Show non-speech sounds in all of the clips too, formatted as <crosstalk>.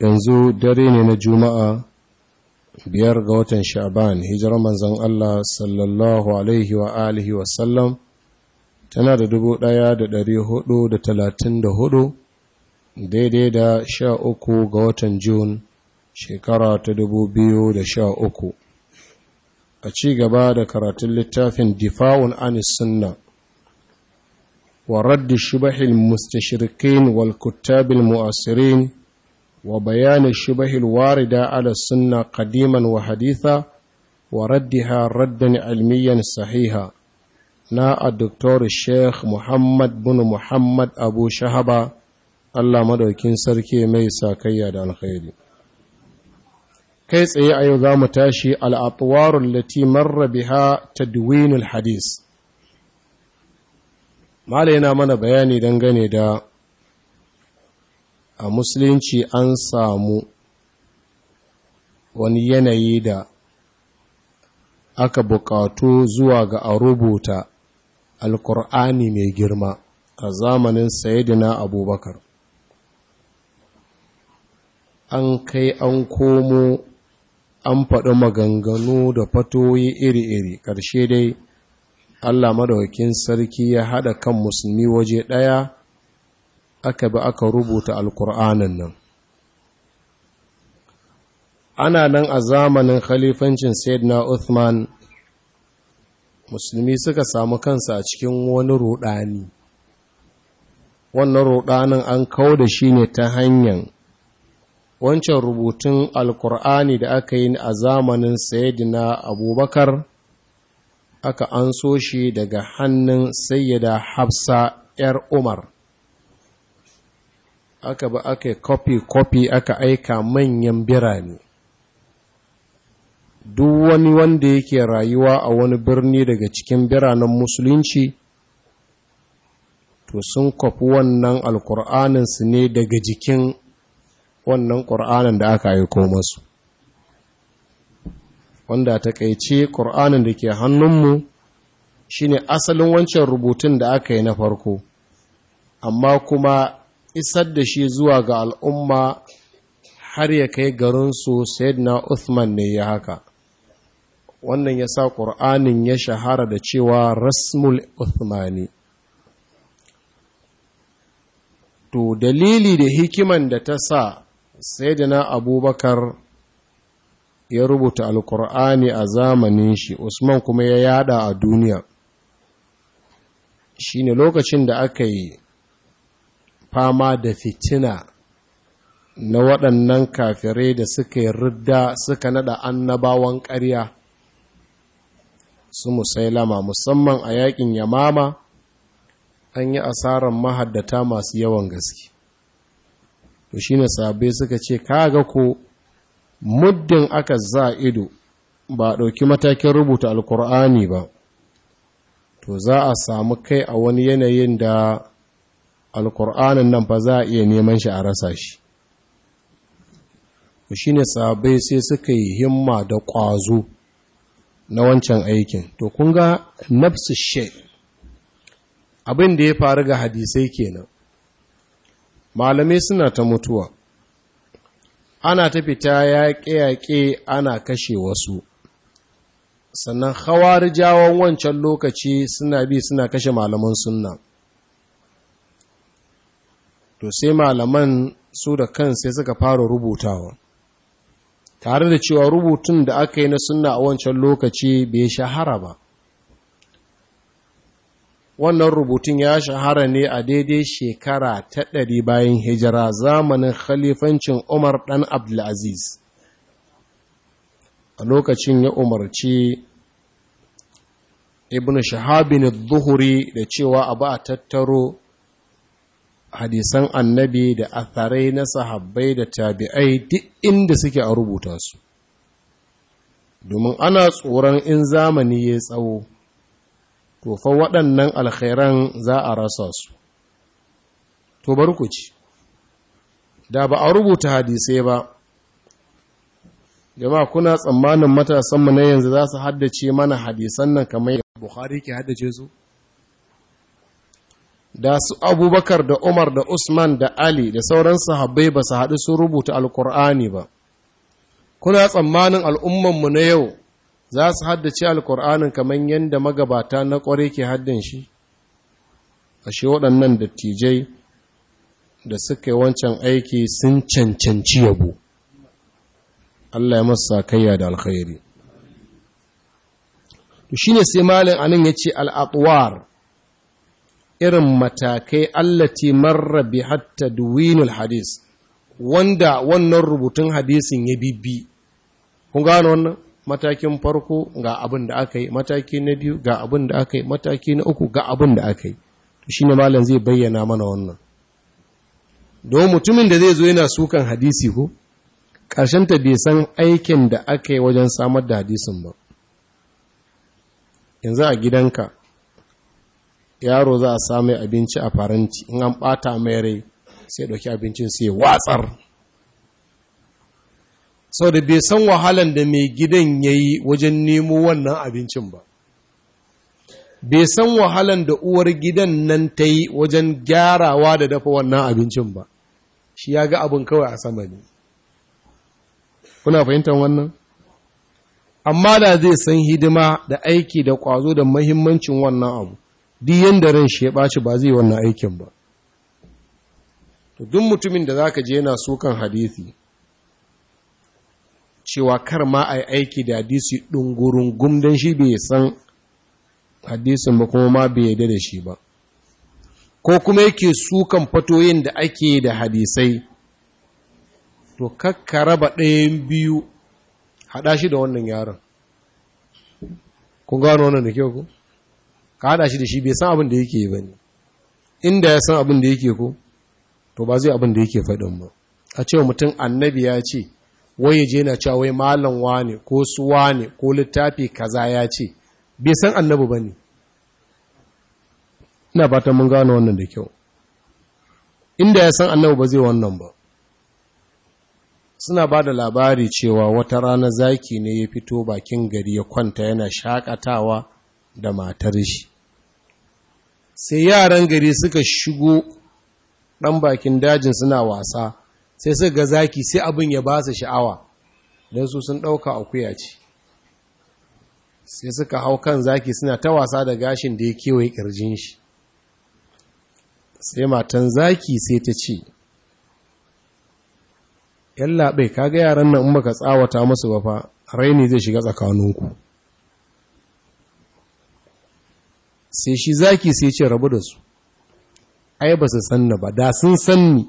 yanzu dare ne na juma'a biyar ga watan sha'ban hijirar manzon Allah sallallahu alaihi wa alihi wa sallam tana da dubu ɗaya da dari hudu da talatin da hudu daidai da sha uku ga watan jun shekara ta dubu biyu da sha uku a ci gaba da karatun littafin difa'un anis sunna wa raddi shubahil mustashirikin wal kuttabil mu'asirin وبيان الشبه الواردة على السنة قديما وحديثا وردها ردا علميا صحيحا نا الدكتور الشيخ محمد بن محمد أبو شهبة الله مدوكين سركي ميسا كياد الخير kai tsaye a yau za mu tashi al'atuwarun lati marra biha tadwinul hadis. Mala yana mana bayani dangane da a musulunci an samu wani yanayi da aka buƙatu zuwa ga a rubuta alkur'ani mai girma a zamanin sayidina abubakar an kai an komo an faɗi maganganu da fatoyi iri-iri ƙarshe dai allah madawakin sarki ya haɗa kan musulmi waje ɗaya aka bi aka rubuta alkur'anin nan ana nan a zamanin khalifancin sayyidina uthman musulmi suka samu kansa a cikin wani rudani wannan rudanin an kawo da shi ne ta hanyar wancan rubutun alkur'ani da aka yi a zamanin sayyidina abubakar aka an shi daga hannun sayyida hafsa 'yar umar aka ba aka yi kofi-kofi aka aika manyan birane duk wani wanda yake rayuwa a wani birni daga cikin biranen musulunci to sun kwafi wannan alkur'aninsu ne daga jikin wannan ƙur'anin da aka aiko masu wanda ta takaice ƙur'anin da ke hannunmu shine asalin wancan rubutun da aka yi na farko amma kuma isar da shi zuwa ga al'umma har ya kai garinsu na Uthman ne ya haka wannan ya sa ƙur'anin ya shahara da cewa rasmul Uthmani to dalili da hikiman da ta sa na abubakar ya rubuta alƙur'ani a zamanin shi usman kuma ya yada a duniya shine lokacin da aka yi fama da fitina na waɗannan kafirai da suka yi ridda suka naɗa annabawan ƙarya su musailama musamman a yaƙin yamama an yi asarar mahaddata masu yawan gaske to shine sabai suka ce kaga ko muddin aka za ido ba a ɗauki matakin rubuta alkur'ani ba to za a samu kai a wani yanayin da alkur'anin nan fa za a iya neman shi a rasa shi shi ne sabai sai suka yi himma da ƙwazo na wancan aikin to kun ga nafsu she abin da ya faru ga hadisai kenan malamai suna ta mutuwa ana ta fita yaƙe-yaƙe ana kashe wasu sannan hawar jawon wancan lokaci suna bi suna kashe malaman sunna to sai malaman su da kan sai suka fara rubutawa tare da cewa rubutun da aka yi na suna a wancan lokaci bai shahara ba wannan rubutun ya shahara ne a daidai shekara ta ɗari bayan hijira zamanin khalifancin umar ɗan abdulaziz a lokacin ya umarci ibn shahabin zuhuri da cewa abu a tattaro hadisan annabi da atharai na sahabbai da tabi'ai duk inda suke a rubuta su domin ana tsoron in zamani ya tsawo to fa waɗannan alkhairan za a rasa su to bar ku ci da ba a rubuta hadisai ba jama'a kuna tsammanin matasanmu na yanzu za su haddace mana hadisan nan kamar Bukhari ke haddace su da su abubakar da umar da usman da ali da sauran sahabbai ba su haɗu sun rubuta alkur'ani ba kuna tsammanin al'ummanmu na yau za su haddace alkur'anin kamar yadda magabata na ƙware ke haddin shi ashe waɗannan dattijai da suka yi wancan aiki sun cancanci yabo Allah ya masa kayya da alkhairi shi shine sai malin anan ya ce al'atuwar irin matakai allati marra bi hatta duwinul hadis wanda wannan rubutun hadisin ya bibbi kun gano wannan matakin farko ga abin da aka yi mataki na biyu ga abin da aka yi mataki na uku ga abin da aka yi to shine malam zai bayyana mana wannan don mutumin da zai zo yana sukan hadisi ko ta bai san aikin da aka yi wajen samar da hadisin ba yanzu a gidanka yaro za a samu abinci a faranti in an bata mai rai sai ɗauki abincin sai watsar sau da bai san wahalan da mai gidan ya yi wajen nemo wannan abincin ba bai san wahalan da uwar gidan nan ta yi wajen gyarawa da dafa wannan abincin ba shi ya ga abin kawai a sama ne kuna fahimtar wannan amma da zai san hidima da aiki da kwazo da mahimmancin wannan abu duk yanda ran shi ya ɓaci ba zai wannan aikin ba to duk mutumin da za ka je yana sukan hadisi cewa kar ma a aiki da hadisi ɗungurin gumdan shi bai san hadisin ba kuma ma bai yada da shi ba ko kuma yake sukan fatoyin da ake da hadisai to kakka raba ɗayan biyu haɗa shi da wannan yaron kun gano wannan da kyau ku ka haɗa shi da shi bai san abin da yake yi ba ne inda ya san abin da yake ko to ba zai abin da yake faɗin ba a cewa mutum annabi ya ce waye je na cewa wai malam wane ko suwa ne ko littafi kaza ya ce bai san annabi ba ne ina fatan mun gano wannan da kyau inda ya san annabi ba zai wannan ba suna ba da labari cewa wata rana zaki ne ya fito bakin gari ya kwanta yana shakatawa da matar shi sai yaran gari suka shigo ɗan bakin dajin suna wasa sai suka ga zaki sai abin ya ba su sha'awa don su sun ɗauka a kuya ce sai suka hau kan zaki suna ta wasa da gashin da ya kewaye ƙirjin shi sai matan zaki sai ta ce yallaɓai kaga yaran nan in baka tsawata musu ba fa raini zai shiga tsakaninku sai shi zaki sai ce rabu da su ai ba su sanna ba da sun sanni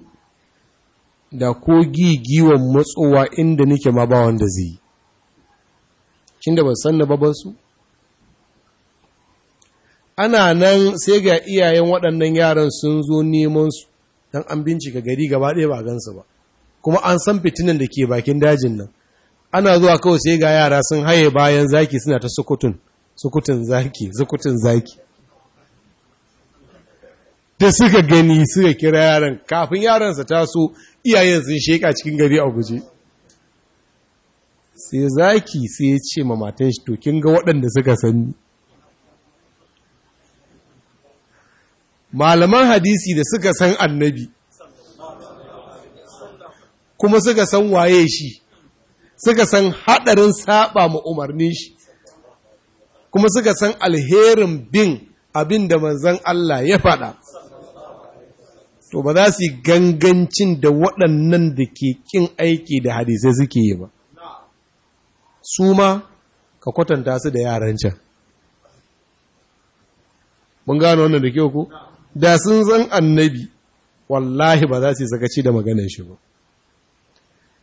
da ko gigiwon matsowa inda nike ma ba wanda zai yi cin da ba su sanna ba ba su ana nan sai ga iyayen waɗannan yaran sun zo neman su don an bincika gari gaba ɗaya ba gansu ba kuma an san fitinan da ke bakin dajin nan ana zuwa kawai sai ga yara sun haye bayan zaki suna ta sukutun zaki sukutun zaki da suka gani suka kira yaran kafin ta taso iyayen sun sheka cikin gari a guje sai zaki sai ya ce ma matan shi to kin ga waɗanda suka sani malaman hadisi da suka san annabi kuma suka san waye shi suka san haɗarin saba ma umarnin shi kuma suka san alherin bin abin da manzan Allah ya faɗa to ba za su yi gangancin da waɗannan da ke ƙin aiki da hadisai suke yi ba su ma ka kwatanta su da yaran can mun gano wannan da kyau ku da sun zan annabi wallahi ba za su yi zakaci da maganin shi ba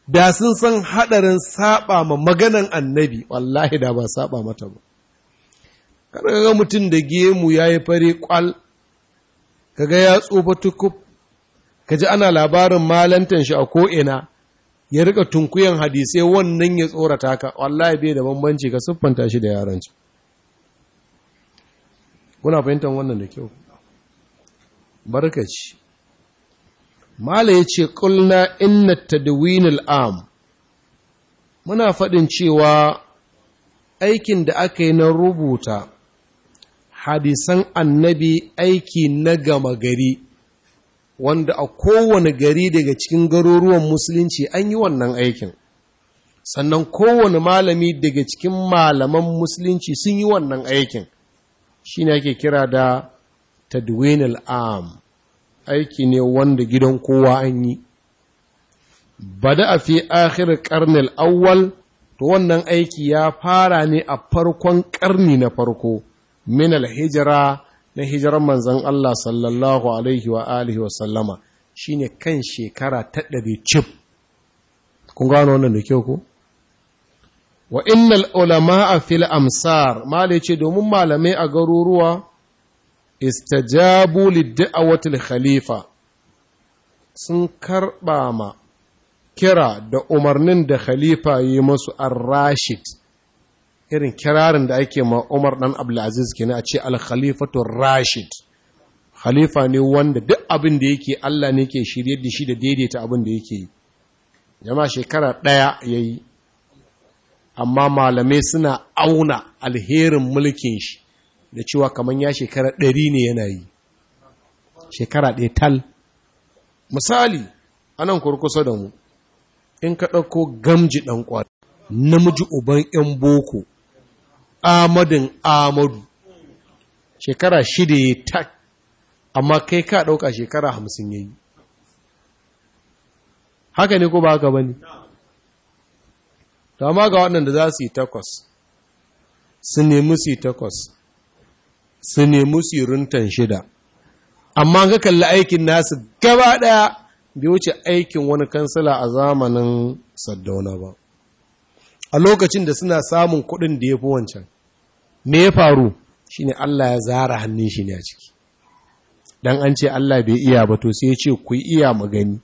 da sun san haɗarin saba ma maganan annabi wallahi da ba saba mata ba kada ga mutum da gemu ya yi fare kwal kaga ya tsofa tukuf. ka ji ana labarin malantan shi a ko'ina ya rika tunkuyan hadisai wannan ya tsorata ka wallahi bai da bambanci ka siffanta shi da yaranci kuna fahimtar wannan da kyau barkaci mala ya ce ƙulna inna tadwinil am muna faɗin cewa aikin da aka yi na rubuta hadisan annabi aiki na gama gari wanda a kowane gari daga cikin garuruwan musulunci an yi wannan aikin sannan kowane malami daga cikin malaman musulunci sun yi wannan aikin shi ne ake kira da tadwin al'am aiki ne wanda gidan kowa an yi Ba da a fi akhir karnil awwal to wannan aiki ya fara ne a farkon karni na farko min al-hijra na hijiran manzan Allah sallallahu alaihi wa alihi wa sallama shine kan shekara ta ɗari cif kun gano wannan da kyau ku? wa innal ulama fil amsar malai ce domin malamai a garuruwa istajabu lidda'awatil khalifa sun karɓa ma kira da umarnin da khalifa yi masu ar-rashid irin kirarin da ake ma Umar dan Abdulaziz kenan a ce al Rashid khalifa ne wanda duk abin da yake Allah ne ke shirye da shi da daidaita abin da yake yi jama shekara daya yayi amma malamai suna auna alherin mulkin shi da cewa kaman ya shekara ɗari ne yana yi shekara ɗaya tal misali anan kurkusa da mu in ka ɗauko gamji ɗan ƙwari namiji uban 'yan boko amadin amadu shekara shida ya tak amma kai ka ɗauka shekara hamsin ya yi haka ne ko ba haka ba ne ta ma ga waɗanda za su yi takwas su nemi su yi takwas su nemi su yi runtan shida amma ga kalli aikin nasu gaba ɗaya bai wuce aikin wani kansila a zamanin saddauna ba a lokacin da suna samun kuɗin da ya fi wancan me ya faru ne Allah ya zara hannun shi ne a ciki dan an ce Allah bai iya ba to sai ya ce ku iya magani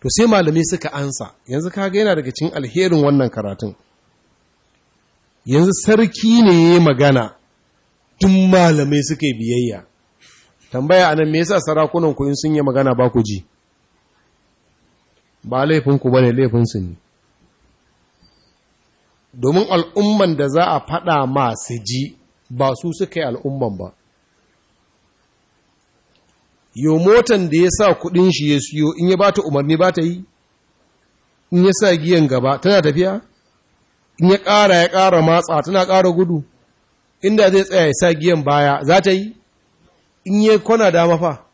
to sai malamai suka ansa yanzu kaga yana daga cikin alherin wannan karatun yanzu sarki ne ya magana tun malamai suka yi biyayya tambaya anan me yasa sarakunan ku in sun yi magana ba ku ji ba laifin ku bane laifin su ne domin al'umman da za a faɗa ma su ji ba su suka yi al'umman ba yau motan da ya sa kuɗin shi ya siyo in ya ba ta umarni ba ta yi in ya sa giyan gaba tana tafiya in ya ƙara ya ƙara matsa tana ƙara gudu inda zai tsaya ya sa giyan baya za ta yi in ya kwana dama fa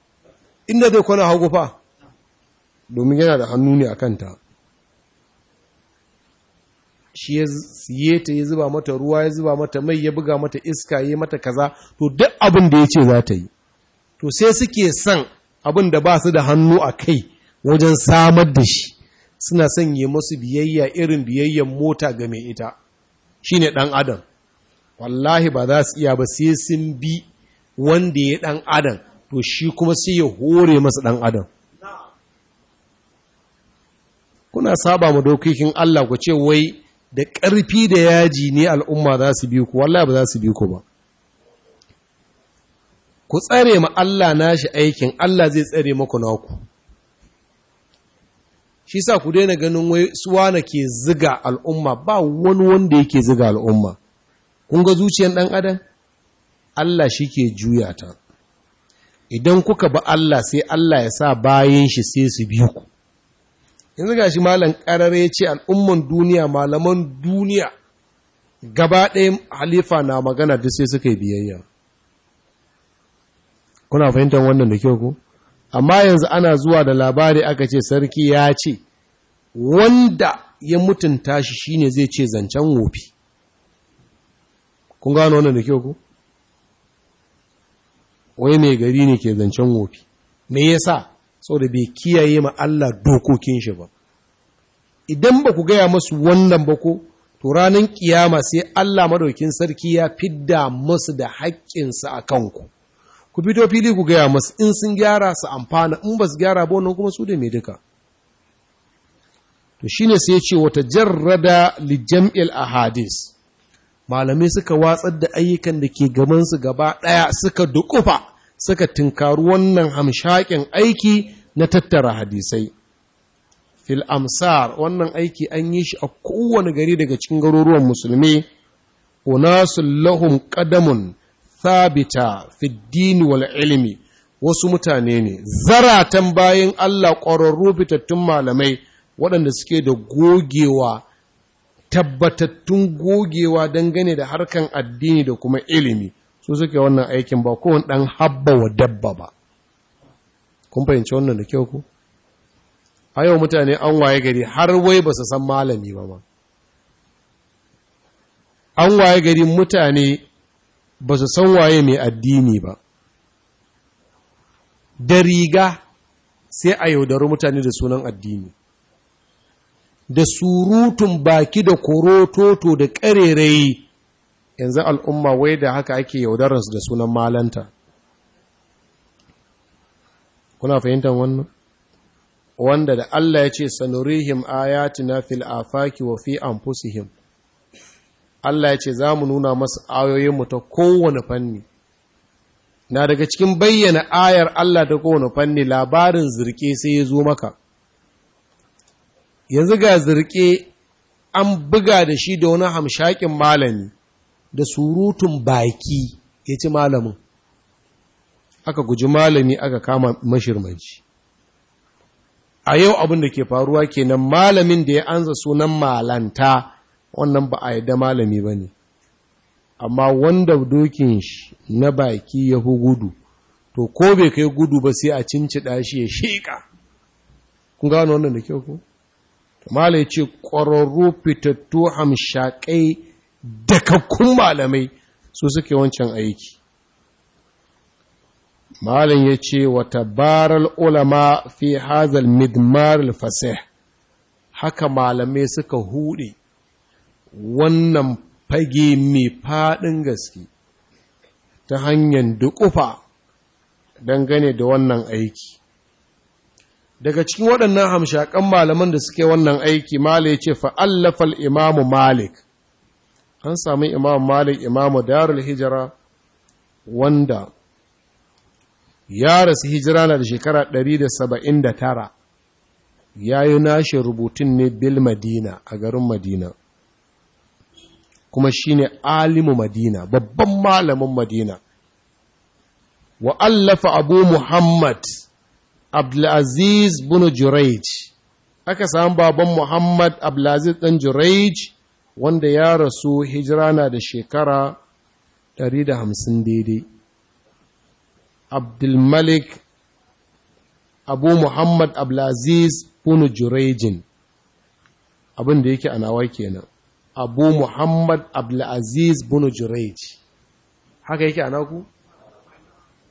inda zai kwana hagu fa domin yana da hannu ne a kanta shi ya siye ta ya zuba mata ruwa ya zuba mata mai ya buga mata iska ya mata kaza to duk abin da ya ce za ta yi to sai suke son abin da ba su da hannu a kai wajen samar da shi suna son yi masu biyayya irin biyayyan mota ga mai ita shine ɗan adam wallahi ba za su iya ba sai sun bi wanda ya ɗan adam to shi kuma sai ya hore masa ɗan adam kuna saba ma dokokin Allah ku ce wai da ƙarfi da yaji ne al'umma za su bi ku wallah ba za su bi ku ba ku tsare ma Allah nashi aikin Allah zai tsare maku naku shi sa ku daina ganin wai suwana ke ziga al'umma ba wani wanda yake ziga al'umma kun ga zuciyar ɗan adam Allah shi ke juya ta idan kuka ba Allah sai Allah ya sa bayan shi sai su bi ku yanzu ga shi malam ƙarare ya ce al'umman duniya malaman duniya gaba ɗaya halifa na magana da sai suka yi biyayya kuna fahimtar wannan da kyau ko amma yanzu ana zuwa da labari aka ce sarki ya ce wanda ya mutunta shi shine zai ce zancen wofi kun gano wannan da kyau ko wai mai gari ne ke zancen wofi me yasa saboda bai kiyaye ma Allah dokokin shi ba idan ba ku gaya masu wannan ba ko to ranar kiyama sai Allah madaukin sarki ya fidda masu da haƙƙinsa a kanku ku fito fili ku gaya masu in sun gyara su amfana in ba su gyara ba wannan kuma su da mai duka to shine sai ce wata jarrada li jam'il ahadis malamai suka watsar da ayyukan da ke gabansu gaba ɗaya suka dukufa suka tinkaru wannan hamshakin aiki na tattara hadisai fil amsar wannan aiki an yi shi a kowane gari daga cikin garuruwan musulmi Wana lahum qadamun thabita fiddini wal ilimi? wasu mutane ne zaratan bayan Allah ƙwararru fitattun malamai waɗanda suke da gogewa tabbatattun gogewa dangane da harkan addini da kuma ilimi su suke wannan aikin ba kowane ɗan habba wa dabba ba kun fahimci wannan da kyau ku a yau mutane an waye gari har wai ba su san malami ba ma an waye gari mutane ba su san waye mai addini ba da riga sai a yaudaru mutane da sunan addini da surutun baki da korototo da ƙarerai yanzu al'umma wai da haka ake yaudararsu da sunan malanta kuna fahimtar wannan wanda da Allah ya ce sanurihim ayatina fil afaki wa fi anfusihim Allah ya ce za mu nuna masu ayoyinmu ta kowane fanni na daga cikin bayyana ayar Allah ta kowane fanni labarin zirke sai ya zo maka yanzu ga zirke an buga da shi da wani hamshakin malami da surutun baki ya ci malamin aka guji malami aka kama mashirmanci. a yau abin da ke faruwa kenan malamin da ya anza sunan malanta wannan ba a yadda malami ba ne amma wanda dokin shi na baki ya fi gudu to ko bai kai gudu ba sai a cincida shi ya sheƙa kun gano wannan da kyau ko? mala ce ƙwararru fitattu hamshaƙai dakakkun malamai su suke wancan aiki malam ya ce wa tabaral ulama fi hazal midmar fasih haka malamai suka hude wannan fage mai fadin gaske ta hanyar duƙufa dangane da wannan aiki daga cikin waɗannan hamshakan malaman da suke wannan aiki malai ce fa'allafal imamu malik an sami imam malik imamu darul hijira wanda ya rasu hijira na da shekara 179 ya yi nashi rubutun ne bil madina a garin madina kuma shi ne alimu madina babban malamin madina wa allafa abu muhammad abdulaziz bin jurayj aka samu baban muhammad abdulaziz ɗan jurayj wanda ya rasu hijira na da shekara 150 daidai abdulmalik abu muhammad abdulaziz bunu jurejin abin da yake a nawa kenan abu muhammad abdulaziz bunu jurej haka yake a naku?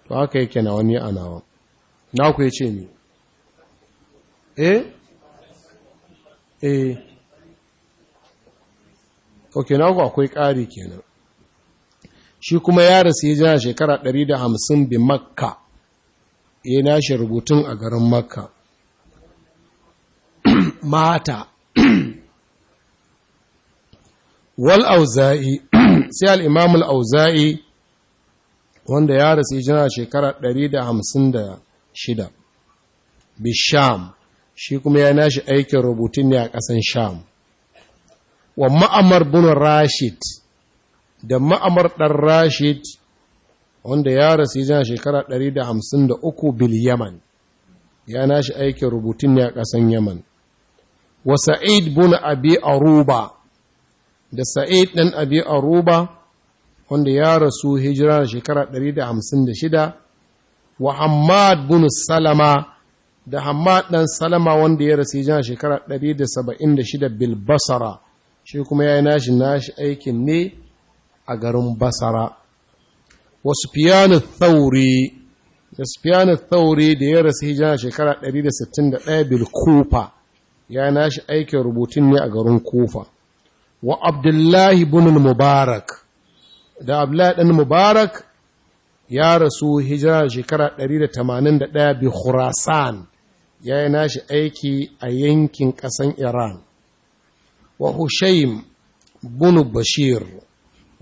to haka yake na wani a nawa naku ya ce ne eh eh ok na ku akwai ƙari kenan shi kuma ya rasu ya jana shekara 150 bi makka ya nashi rubutun a garin makka <clears throat> mata <clears throat> wal auza'i <clears throat> sai al'imamul auza'i wanda ya rasu jana shekara 156 bi sham shi kuma ya nashi aikin rubutun ne a ƙasan sham wa ma'amar bin rashid da ma'amar ɗan rashid wanda ya rasu yi shekara 153 bil yaman ya nashi aikin rubutun ne a ƙasan yaman wa sa'id bin abi aruba da sa'id ɗan abi aruba wanda ya rasu hijira da shekara 156 wa hamad bin salama da hamad ɗan salama wanda ya rasu yi shekara 176 bil basara shi kuma ya yi nashi nashi aikin ne a garin basara wasu fiyanin tsauri da fiyanin thauri da ya rasu hijira shekara 161 bil kufa ya nashi aikin rubutun ne a garin kufa wa abdullahi bin mubarak da abdullahi ɗan mubarak ya rasu hijira shekara 181 bi khurasan ya yi nashi aiki a yankin ƙasan iran wa hushaim bunu bashir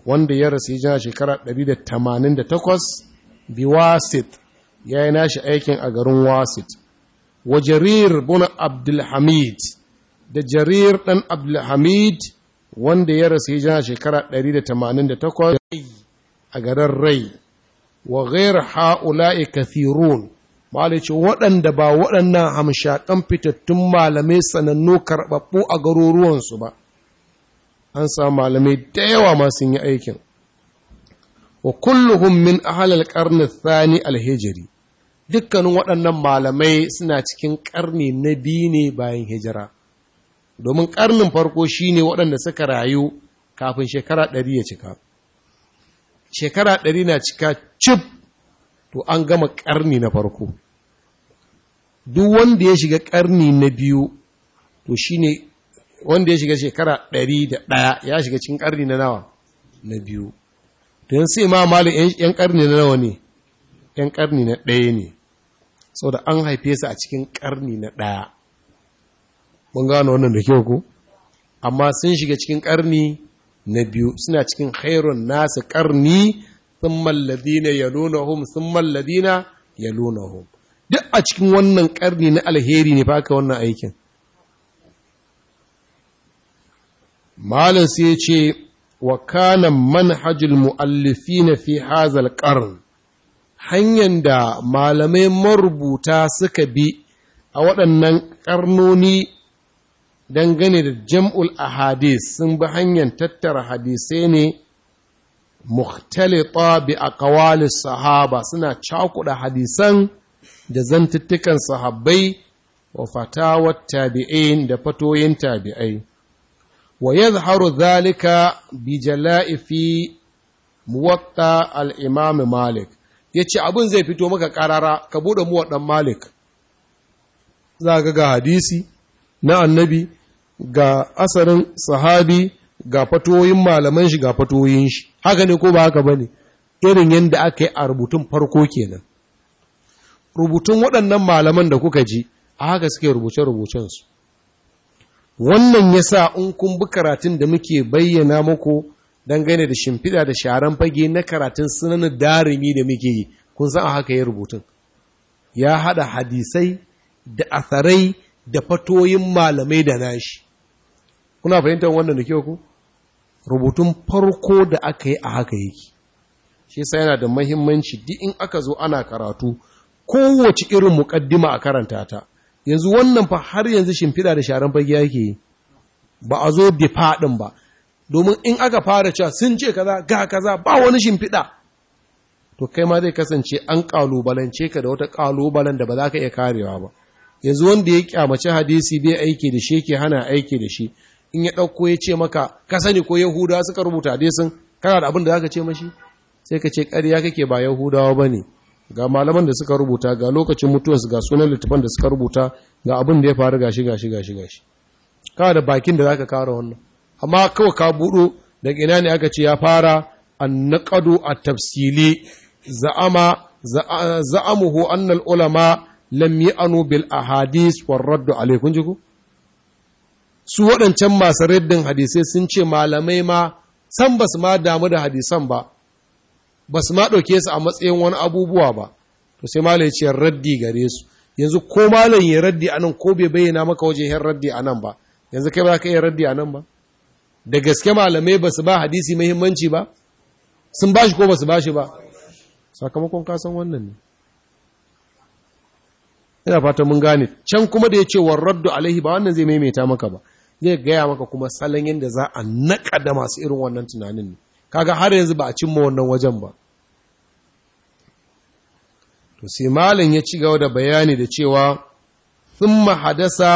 wanda ya rasu jana shekara 188 bi wasit ya yi nashi aikin a garin wasit wa jarir bunu abdulhamid da jarir ɗan abdulhamid wanda ya rasu jana shekara 188 a garin rai wa ghair ha'ula'i kathirun Malai ce waɗanda ba waɗannan hamshaƙan fitattun malamai sanannu karɓaɓɓu a garuruwansu ba, an samu malamai da yawa masu yi aikin. Wa kulluhun min ahalal ƙarni thani alhijiri, dukkanin waɗannan malamai suna cikin ƙarni na biyu ne bayan hijira. Domin ƙarnin farko shi ne waɗanda suka rayu kafin shekara ɗari ya cika. Shekara ɗari na cika cif to an gama ƙarni na farko duk wanda ya shiga karni na biyu to shi ne wanda ya shiga shekara ɗari da ɗaya ya shiga cikin karni na nawa na biyu to sai ma mali yan karni na nawa ne yan karni na ɗaya ne da an haife su a cikin ƙarni na ɗaya mun gano wannan da kyau ko amma sun shiga cikin karni na biyu suna cikin khairun nasu karni sun malladina ya lunahum sun malladina ya lunahum duk a cikin wannan karni na alheri ne ka wannan aikin malam sai ya ce wa kana manhajul mu'allifin fi hazal qarn hanyar da malamai marubuta suka bi a waɗannan ƙarnoni dangane da jam'ul ahadis sun bi hanyar tattara hadisai ne mukhtalita bi aqwalis sahaba suna cakuɗa hadisan da zantuttukan sahabbai wa fatawar tabi'in da fatoyin tabi'ai wa zaharu zalika bi jala'ifi muwatta al Ya malik yace abin zai fito maka karara ka buɗe muwaɗan malik za ga ga hadisi na annabi ga asarin sahabi ga fatoyin malaman shi ga fatoyin shi haka ne ko ba haka ba ne? irin yadda aka yi a rubutun farko kenan rubutun waɗannan malaman da kuka ji a haka suke rubuce-rubucensu wannan ya sa in kun bi karatun da muke bayyana muku dangane da shimfiɗa da sharan fage na karatun sunan darimi da muke yi kun san a haka ya rubutun ya haɗa hadisai da asarai da fatoyin malamai da nashi kuna fahimtar wannan da kyau ku rubutun farko da aka yi a haka yake shi sai yana da mahimmanci duk in aka zo ana karatu kowace irin muƙaddima a karanta ta yanzu wannan fa har yanzu shimfiɗa da sharan fage yake yi ba a zo da faɗin ba domin in aka fara cewa sun ce kaza ga kaza ba wani shimfiɗa to kai ma zai kasance an ƙalubalance ka da wata ƙalubalen da ba za ka iya karewa ba yanzu wanda ya kyamace hadisi bai aiki da shi ke hana aiki da shi in ya ɗauko ya ce maka ka sani ko yahudawa suka rubuta hadisin kana da abin da za ka ce mashi sai ka ce ƙarya kake ba yahudawa ba ne ga malaman da suka rubuta ga lokacin mutuwarsu ga sunan littafin da suka rubuta ga abin da ya faru gashi gashi gashi gashi ka da bakin da zaka kara wannan amma kawai ka budo daga ina ne aka ce ya fara An naqadu at-tafsili za'ama za'amuhu al ulama lam ya'nu bil ahadith war radd alaykum jiku su waɗancan masu raddin hadisai sun ce malamai ma san basu ma damu da hadisan ba ba su ma ɗauke su a matsayin wani abubuwa ba to sai malai ce raddi gare su yanzu ko malam ya raddi anan, ko bai bayyana maka wajen yin raddi a nan ba yanzu kai ba ka iya raddi a ba da gaske malamai ba su ba hadisi muhimmanci ba sun ba shi ko ba su ba shi ba sakamakon kasan wannan ne ina fata mun gane can kuma da ya ce wa raddu alaihi ba wannan zai maimaita maka ba zai gaya maka kuma salon yadda za a naƙa da masu irin wannan tunanin ne kaga har yanzu ba a cimma wannan wajen ba to sai malin ya ci gaba da bayani da cewa thumma hadasa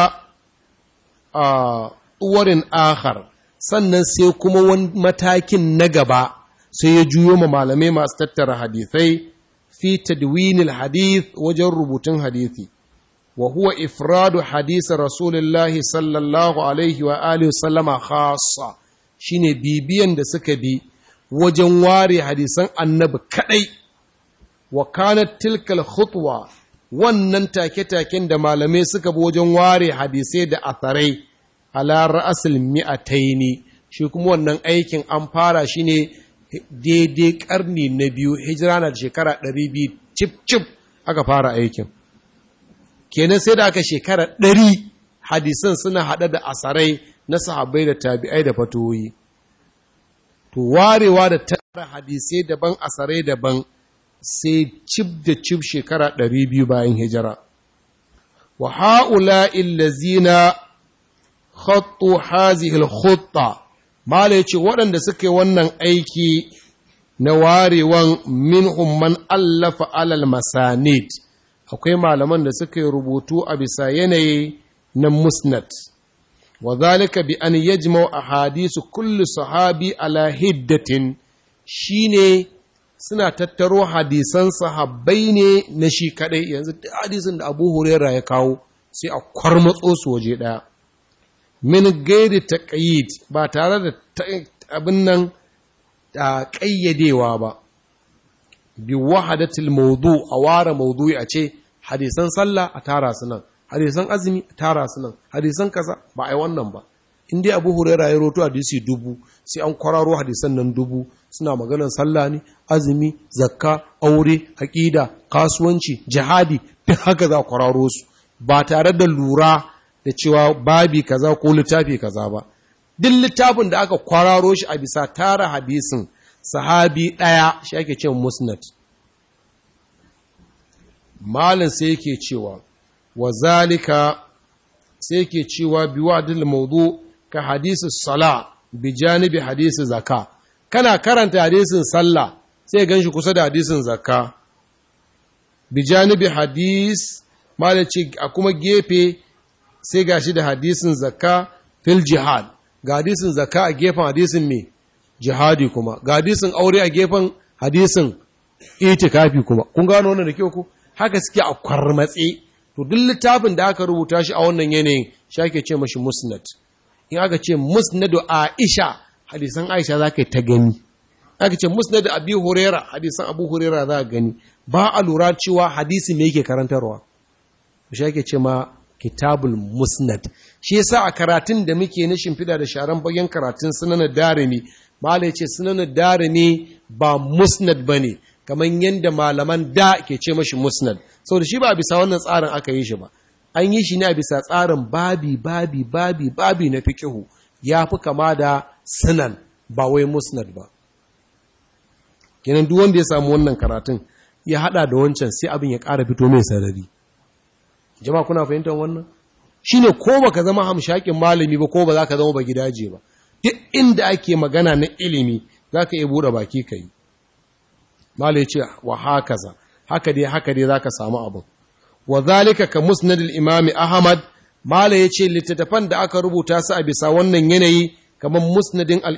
a uwarin akhar sannan sai kuma wani matakin na gaba sai ya juyo ma malamai masu tattara hadithai fi tadwinil hadith wajen rubutun hadisi. wa huwa ifradu hadisa rasulullahi sallallahu alaihi wa alihi sallama khassa shine bibiyan da suka bi wajen ware hadisan annabi kaɗai wa kanat tilkal khutwa wannan take-taken da malamai suka bi wajen ware hadisai da atharai ala ra'asul mi'ataini shi kuma wannan aikin an fara shi ne daidai karni na biyu hijira na shekara 200 cip cip aka fara aikin kenan sai da aka shekara 100 hadisan suna hada da asarai na sahabbai da tabi'ai da fatoyi to warewa da tara hadisai daban asarai daban sai cib da cib shekara ɗari biyu bayan hijira wa ha'ula illazina khattu hazihil khutta mala yace waɗanda suka wannan aiki na warewan min umman allafa alal masanid akwai malaman da suka rubutu a bisa yanayi na musnad Wazalika zalika bi an yajma'u ahadisu kulli sahabi ala hiddatin shine suna tattaro hadisan sahabbai ne na shi kaɗai. yanzu duk hadisin da Abu Hurairah ya kawo sai a kwarmatso su waje ɗaya. min gairi taqyid ba tare da abin nan da ƙayyadewa ba bi wahadatil mawdu a wara mawdu'i a ce hadisan sallah a tara su nan hadisan azumi tara su nan hadisan kaza ba a yi wannan ba in dai abu huraira ya roto hadisi dubu sai an kwararo hadisan nan dubu suna maganar sallah ne azumi zakka aure aƙida kasuwanci jihadi duk haka za kwararo su ba tare da lura da cewa babi kaza ko littafi kaza ba duk littafin da aka kwararo shi a bisa tara hadisin sahabi ɗaya shi ake cewa musnad malin sai yake cewa wa zalika sai ke cewa biwadil maudu ka hadisi sala bi janibi hadisi zaka kana karanta hadisin sallah sai ganshi kusa da hadisin zaka bi janibi hadis malaci a kuma gefe sai gashi da hadisin zaka fil jihad ga hadisin zaka a gefen hadisin me jihadi kuma ga hadisin aure a gefen hadisin itikafi kuma kun gano wannan da kyau ku haka suke a kwarmatse to duk littafin da aka rubuta shi a wannan yanayin shi ake ce mashi musnad in aka ce musnadu aisha hadisan aisha za ka yi ta gani aka ce musnadu abi hurera hadisan abu hurera za ka gani ba a lura cewa hadisi mai ke karantarwa shi ake ce ma kitabul musnad shi yasa a karatun da muke na shimfida da sharan bayan karatun sunanar darimi malai ce sunanar darimi ba musnad ne. kamar yadda malaman da ke ce mashi musnad sau da shi ba bisa wannan tsarin aka yi shi ba an yi shi ne a bisa tsarin babi babi babi babi na fikihu ya fi kama da sinan ba wai musnad ba kenan duk wanda ya samu wannan karatun ya hada da wancan sai abin ya kara fito mai sarari jama'a kuna fahimtar wannan ne ko ba ka zama hamshakin malami ba ko ba za ka zama ba gidaje ba duk inda ake magana na ilimi za ka iya buɗe baki ka yi malai ce wa za, haka dai haka dai zaka samu abin wa zalika ka musnadil Imami ahmad malai ya ce littattafan da aka rubuta su a bisa wannan yanayi kamar musnadin al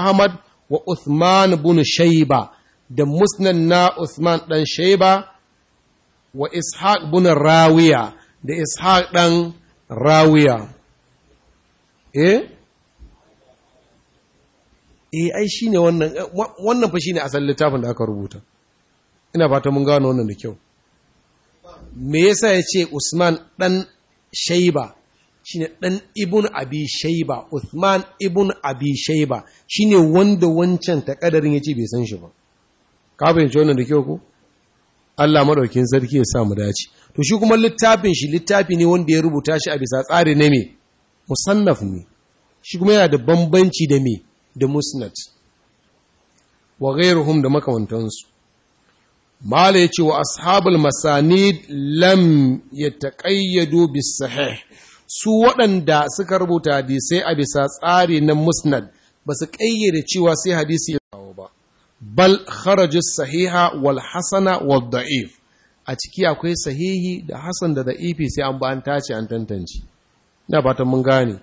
ahmad wa uthman bin Shaiba da musnan na uthman dan Shaiba wa ishaq bin rawiya da ishaq dan rawiya eh eh ai ne wannan eh, wannan fa ne asalin littafin da aka rubuta ina fata mun gano wannan da kyau me yasa ya ce Usman dan Shaiba shi ne dan ibn Abi Shaiba Usman ibn Abi Shaiba shi ne wanda wancan ya ce bai san shi ba ka bayyana wannan da kyau ko Allah madaukin sarki ya sa mu dace to shi kuma littafin shi littafi ne wanda ya rubuta shi a bisa tsari ne me musannaf ne shi kuma yana da bambanci da me da musnad wa ghairuhum da makamantansu mala yace wa ashabul masanid lam yataqayyadu bis sahih su waɗanda suka rubuta hadisai a bisa tsari na musnad ba su ƙayyade cewa sai hadisi ya kawo ba bal kharaju sahiha wal hasana wal da'if a ciki akwai sahihi da hasan da da'ifi sai an ba an tace an tantance na fatan mun gane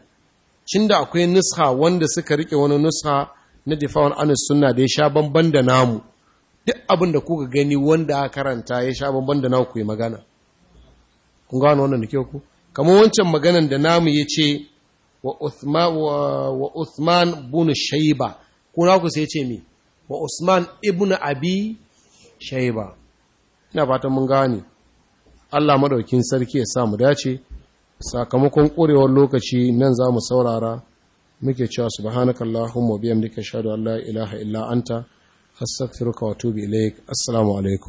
cin da akwai nusha wanda suka rike wani nusha na difa'un anis sunna da ya sha bamban da namu duk abin da kuka gani wanda aka karanta ya sha bamban da naku yi magana kun gano wannan da ku kamar wancan maganan da namu ya ce wa Uthman bunu Shaiba ko ku sai ya ce mi wa Usman ibn Abi Shaiba ina fatan mun gane Allah madaukin sarki ya sa mu dace sakamakon ƙurewar lokaci nan za mu saurara muke cewa subhanakallahumma biyamdika shahadu an la ilaha illa anta astaghfiruka wa atubu ilaik assalamu alaikum